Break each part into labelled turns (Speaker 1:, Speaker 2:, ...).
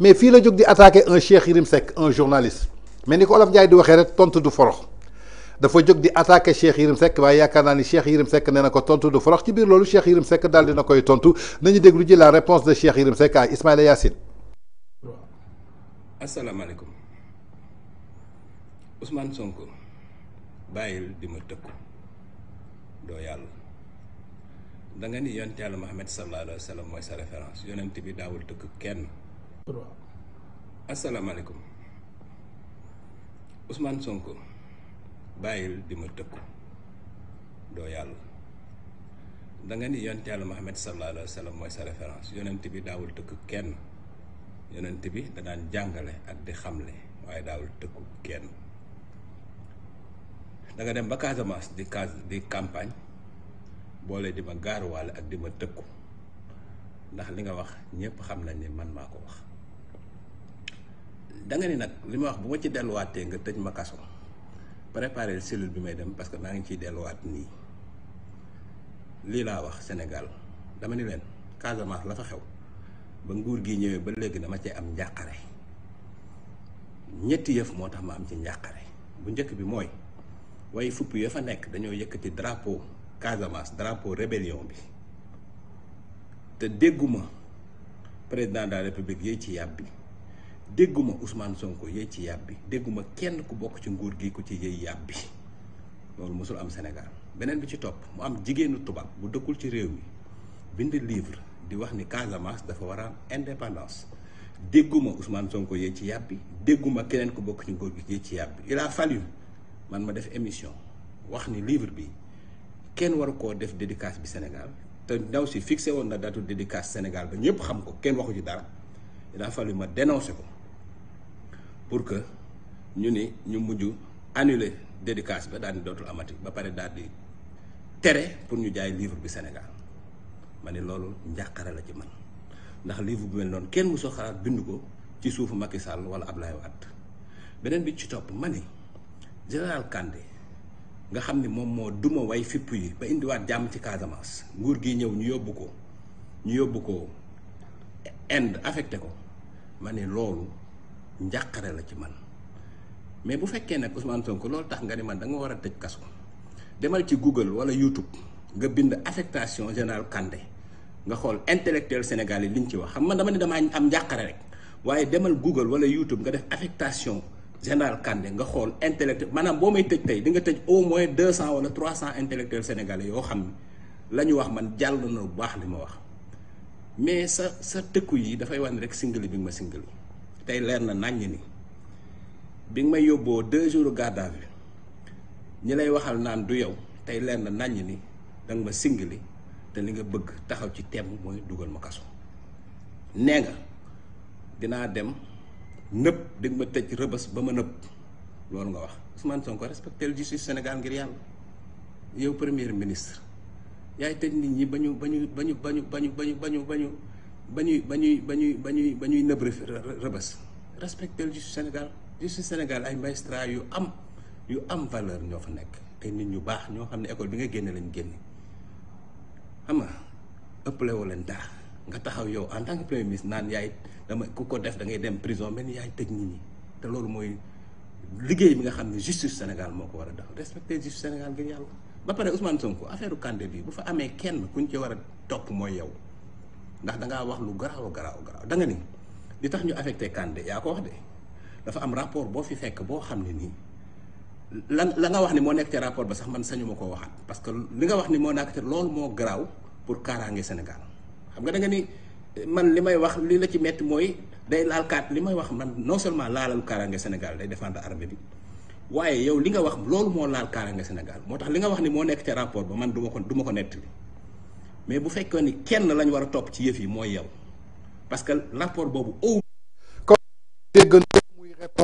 Speaker 1: mais fi la jog di attaquer un Cheikh Yérim sek un journaliste mais ni ko Olof Ndiaye di waxe rek tontu du forox da fa jog di attaquer Cheikh Yérim sek way yakarna ni Cheikh Yérim sek nena ko tontu du forox ci bir lolou Cheikh Yérim sek dal dina koy tontu nañu deglu ji la réponse de Cheikh Yérim sek à Ismaïla yassine
Speaker 2: Yacine. asalaamaaleykum Ousmane Sonko bayil di ma tëkku do yalla da nga ni yonent Yàlla Muhammad sallallahu alayhi wa sallam mooy sa référence yonent bi daawul tëkk kenn. droit asalaamaaleykum Ousmane Sonko bàyyil di ma tëkku doo yàlla da nga ni yonent yàlla Muhammad sallallahu alayhi wa sallam mooy sa référence yonent bi daawul tëkk kenn yonent bi da daan jàngale ak di xamle waaye daawul tëkku kenn da nga dem ba Casamance di cas di campagne boole di ma gaaruwaale ak di ma tëkku ndax li nga wax ñépp xam nañ ni man maa wax danga nga ni nag li ma wax bu ma ci delluwaatee nga tëj ma kaso préparer cellule bi may dem parce que maa ngi ciy delluwaat nii lii laa wax Sénégal dama ni leen Casamance la fa xew ba nguur gi ñëwee ba léegi dama cee am njàqare ñetti yëf moo tax ma am ci njàqare bu njëkk bi mooy waaye fupp ya fa nekk dañoo yëkkati drapeau Casamance drapeau rébellion bi te dégguma président de la yooyu ci bi dégguma Ousmane Sonko yey ci yàbbi dégguma kenn ku bokk ci nguur gi ko ci yey yàbbi loolu mosul am Sénégal beneen bi ci topp mu am jigéenu tubaab bu dëkkul ci réew mi bind livre di wax ni Casamance dafa war a am indépendance dégguma Ousmane Sonko yey ci yàbbi dégguma keneen ku bokk ci nguur gi yey ci yàbbi il a fallu man ma def émission wax ni livre bi kenn waru koo def dédicace bi Sénégal te ndaw si fixé woon na datu dédicace Sénégal ba ñëpp xam ko kenn waxu ci dara il a ma dénoncé ko pour que ñu ni ñu mujj annuler dédicace ba daal di dootul amati ba pare daal di tere pour ñu jaay livre bi Sénégal ma ne loolu njàqare la ci man ndax livre bu mel noonu kenn mosoo xalaat bind ko ci suufu Macky Sall wala Abdoulaye Wade beneen bi ci topp ma ni général Kandé nga xam ni moom moo duma way fipp yi ba indiwaat jàmm ci Casamance nguur gi ñëw ñu yóbbu ko ñu yóbbu ko Inde affecté ko ma ne loolu njàqare la ci man mais bu fekkee nag Ousmane Sonko loolu tax nga ni man da nga war a tëj kaso demal ci Google wala YouTube nga bind affectation générale kande nga xool intellectuel Sénégal yi liñ ci wax xam man dama ne damaa am njàqare rek waaye demal Google wala YouTube nga def affectation général Kandé nga xool intellectuel maanaam boo may tëj tey di nga tëj au moins deux cent wala trois cent intellectuels sénégalais yoo xam ne la ñu wax man jàll na bu baax li ma wax mais sa sa tëkku yi dafay wan rek singali bi ma singali tey leer na nàññ ni bi nga may yóbboo deux jours garde à ñi lay waxal naan du yow tey leer na nàññ ni danga ma singili te li nga bëgg taxaw ci temm mooy dugal ma kaso nee nga dinaa dem nëpp di nga ma tëj rëbës ba ma nëpp loolu nga wax Ousmane Sonko respecté justice Sénégal ngir yàlla yow premier ministre yaay tëj nit ñi ba ñu ba ñu ba ñu ba ñu ba ñu ba ñu ba ñu ba ñuy ba ñuy ba ñuy ba respectel justice sénégal justice sénégal ay maestra yu am yu am valeur ñoo fa nekk ay nit ñu baax ñoo xam ne école bi nga génne lañ génne xam nga ëppale woo leen dara nga taxaw yow en tant que premier ministre yaay dama ku ko def da ngay dem prison mel yaay tëj nit ñi te loolu mooy liggéey bi nga xam ne justice sénégal moo ko war respectel justice sénégal ngir yàlla ba pare ousmane sonko affaire kandé bi bu fa amee kenn kuñ ci war a topp yow ndax da ngaa wax lu garaaw garaaw garaaw da nga ni li tax ñu affecté Kandé ko wax de dafa am rapport boo fi fekk boo xam ne la nga wax ni moo nekk ci rapport ba sax man sañu ma koo waxaat parce que li nga wax ni moo nekk te loolu moo garaaw pour kaaraange Sénégal xam nga da nga ni man li wax li la ci metti mooy day laal kaat li wax man non seulement laalal kaaraange Sénégal day défendre armée bi waaye yow li nga wax loolu moo laal kaaraange Sénégal moo li nga wax ni moo nekk ci rapport ba man ko ko mais bu fekkee ni kenn lañ war a topp ci yëf yi mooy yow parce que rapport boobu.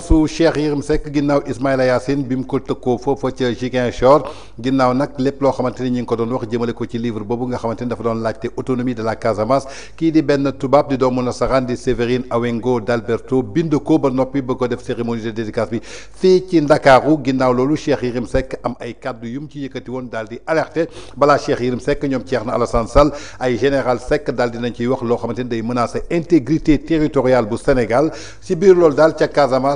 Speaker 1: su Cheikh yirim sek ginnaw Ismaïla yassine bim ko tëkkoo foofa ca Ziguinchor ginnaaw nag lépp loo xamante ni ñi ngi ko don wax jëmale ko ci livre bobu nga xamanteni dafa don laajte autonomie de la Casamance ki di ben tubab di doomu nasaraan di Séverine Awengo d'Alberto bind ko ba noppi ba def cérémonie de dédicace bi fi ci Ndakaaru ginnaw lolu Cheikh yirim sek am ay kaddu yum ci yëkëti won daal di alerté bala Cheikh Yérim Seck ñoom Thierno Alassane Sall ay général Seck daal dinañ ci wax lo xamanteni day menacer intégrité territoriale bu Sénégal ci biir loolu dal ci Casamance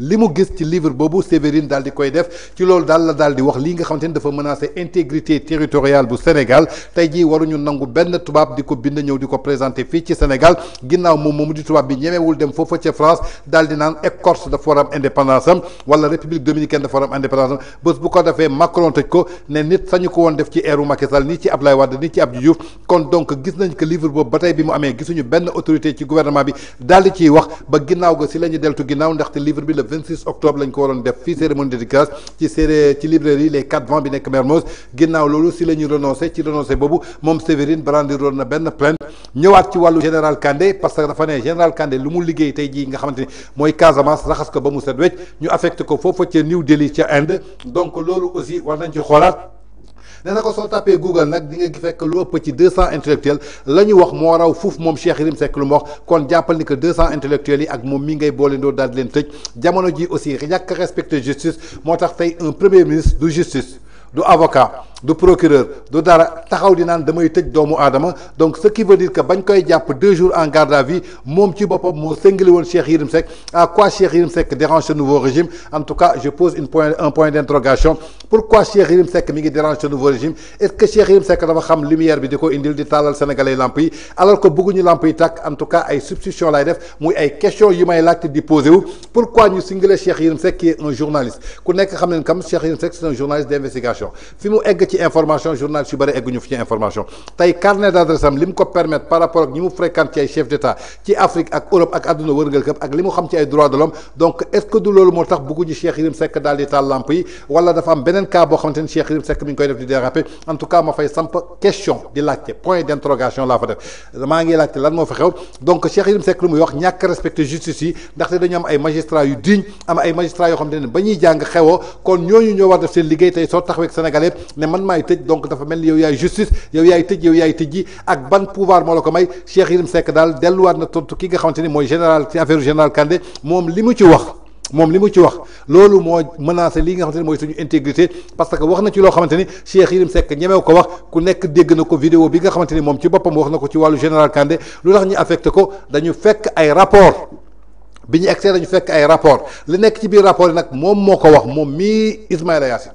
Speaker 1: li mu gis ci livre boobu Sévérine daal di koy def ci loolu daal la daal di wax li nga xamante ni dafa menacer intégrité territoriale bu Sénégal tey jii waruñu nangu benn tubaab di ko bind ñëw di ko présenté fii ci Sénégal ginnaaw moom moomu di tubaab bi ñemewul dem foofa ca France daal di naan Écorce dafa war am indépendance wala République dominicaine dafa war bés bu ko defee Macron tëj ko ne nit sañu ko woon def ci eeru Macky Sall nii ci Abdoulaye Wade nii ci kon donc gis nañ livre boobu ba tey mu amee gisuñu benn autorité ci gouvernement bi daal di ciy wax ba ginnaaw ga si la ñu 26 octobre lañ ko waroon def fi cérémonie de dédicace ci série ci librairie les quatre vents bi nek Mermoz ginnaaw lolu si lañu renoncer ci renoncé bobu mom Sévérine brandir woon na ben plainte ñëwaat ci walu général Kandé parce que dafa né général Kandé lu mu liggéey tay ji nga xamanteni moy mooy Casamance raxas ko ba mu set wéj ñu affecté ko fofu ci New Delhi ci Inde donc lolu aussi war nañ ci xoolaat nee na ko tapé Google nag di nga que lu petit ci intellectuels la ñu wax moo raw fuuf moom Cheikh Yérim Seck lu mu que 200 intellectuels ak moom mi ngay boole ndoo leen jamono ji aussi ñàkk respecter justice moo tax un premier ministre du justice du avocat du procureur du dara taxaw di nan damay tëj doomu adama donc ce qui veut dire que bagn koy japp deux jours en garde à vue Mon ci boppam mo mon woon Cheikh yirim sek à quoi Cheikh yirim sek dérange ce nouveau régime en tout cas je pose une point un point d'interrogation pourquoi Cheikh yirim sek mi dérange ce nouveau régime est-ce que Cheikh yirim sek dafa xam lumière bi diko indil di talal sénégalais lamp yi alors que bëgguñu lamp yi en tout cas ay substitution lay def muy ay question yu may lacte di posé pourquoi ñu singale Cheikh yirim sek qui est un journaliste ku nekk xam nañ kam Cheikh yirim sek c'est un journaliste d'investigation fi mu egg ci information journal su bëri egguñu fi ci information tay carnet d'adresse am lim ko permettre par rapport ak ñimu fréquenté ay chef d'état ci Afrique ak Europe ak aduna wërngal kep ak limu xam ci ay droits de l'homme donc est-ce que du loolu moo tax ñu Cheikh Yérim Seck dal di tal lampe yi wala dafa am benen cas bo xamante Cheikh Yérim Seck mi ngi koy def di déraper en tout cas ma fay samp question di laajte point d'interrogation la fa def ma ngi laajte lan mo fa xew donc Cheikh Yérim Seck lu muy wax ñak respecter justice yi ndaxte dañu am ay magistrats yu digne am ay magistrats yo xamante bañuy jang xewoo kon ñoñu ñoo war def seen liggéey so soo taxawee sénégalais né man maay tëj donc dafa mel yow yaay justice yow yaay tëj yow yaay tëj ak ban pouvoir mo lako may Cheikh Yérim Seck daal wat na tontu ki nga xamanteni moy general ci affaire general Kandé mom limu ci wax. mom limu ci wax lolou mo menacer li nga xamanteni moy suñu intégrité parce que wax na ci lo xamanteni Cheikh yirim Seck ñemew ko wax ku nekk dégg na ko vidéo bi nga xamanteni mom ci bopam wax na ko ci walu general Kandé lu tax ñi affecté ko dañu fekk ay rapport biñu ñu dañu fekk ay rapport li nekk ci biir rapport nak mom moko wax mom mi Ismaïla Yassine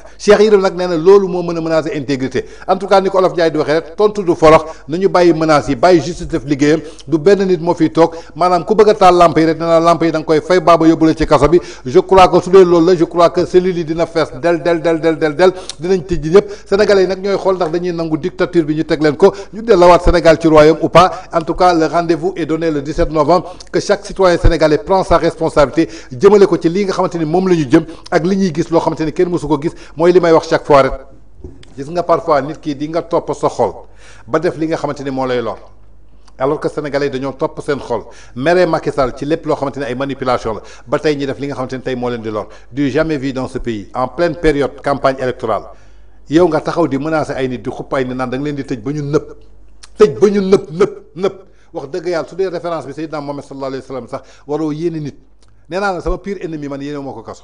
Speaker 1: Cheikh Yérim nag néna lolu mo moo menacer intégrité en tout cas ni ko Olof Njaay di waxe rek tontu du forox nañu bayyi menace yi bayyi justice def liggéeyam du ben nit mo fi tok manam ku bëgg ta lampe yi rek nee na lamp yi dang koy fay baba yobul ci kaso bi je crois que su lolu la je crois que cellules dina fess del del del del del del dinañ tijji ñep sénégalais nak ñoy xol xool ndax dañuy nangu dictature bi ñu teg leen ko ñu dellawaat Sénégal ci royaume ou pas en tout cas le rendez-vous est donné le 17 novembre que chaque citoyen sénégalais prend sa responsabilité jëmele ko ci li nga xamanteni mom lañu jëm ak li ñuy gis lo xamanteni kenn mësu ko gis mooy mooy wax chaque fois rek gis nga parfois nit ki di nga top sa xol ba def li nga xamanteni mo lay lor alors que sénégalais yi top sen xol mere Macky Sall ci lepp lo xamanteni ay manipulation la ba tay ñi def li nga xamanteni tay mo len di lor du jamais vu dans ce pays en pleine période campagne électorale yow nga taxaw di menacer ay nit di xupp ay nit naan da nga di tëj ba ñu nëpp tëj ba ñu nëpp nëpp nëpp wax deug yàlla su dee référence bi sayyidna mohammed sallallahu alayhi wasallam sax waro yene nit nee sama pire ennemi man yene moko kasso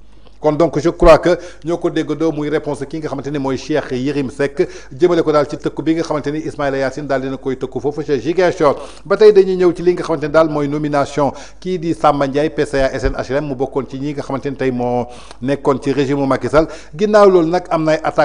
Speaker 1: kon donc je crois que ñoko ko do muy réponse ki nga xamanteni moy Cheikh yirim Seck jëmele ko dal ci tekk bi nga xamanteni Ismaïla yassine dal dina koy tëkku foofu ca Ziguinchor ba tey dañuy ñëw ci li nga xamanteni dal moy nomination ki di Samba Ndiaye PCA SNHLM mu bokkon ci ñi nga xamanteni tay mo nekkon ci régime Macky Sall ginnaaw loolu nag am nay ay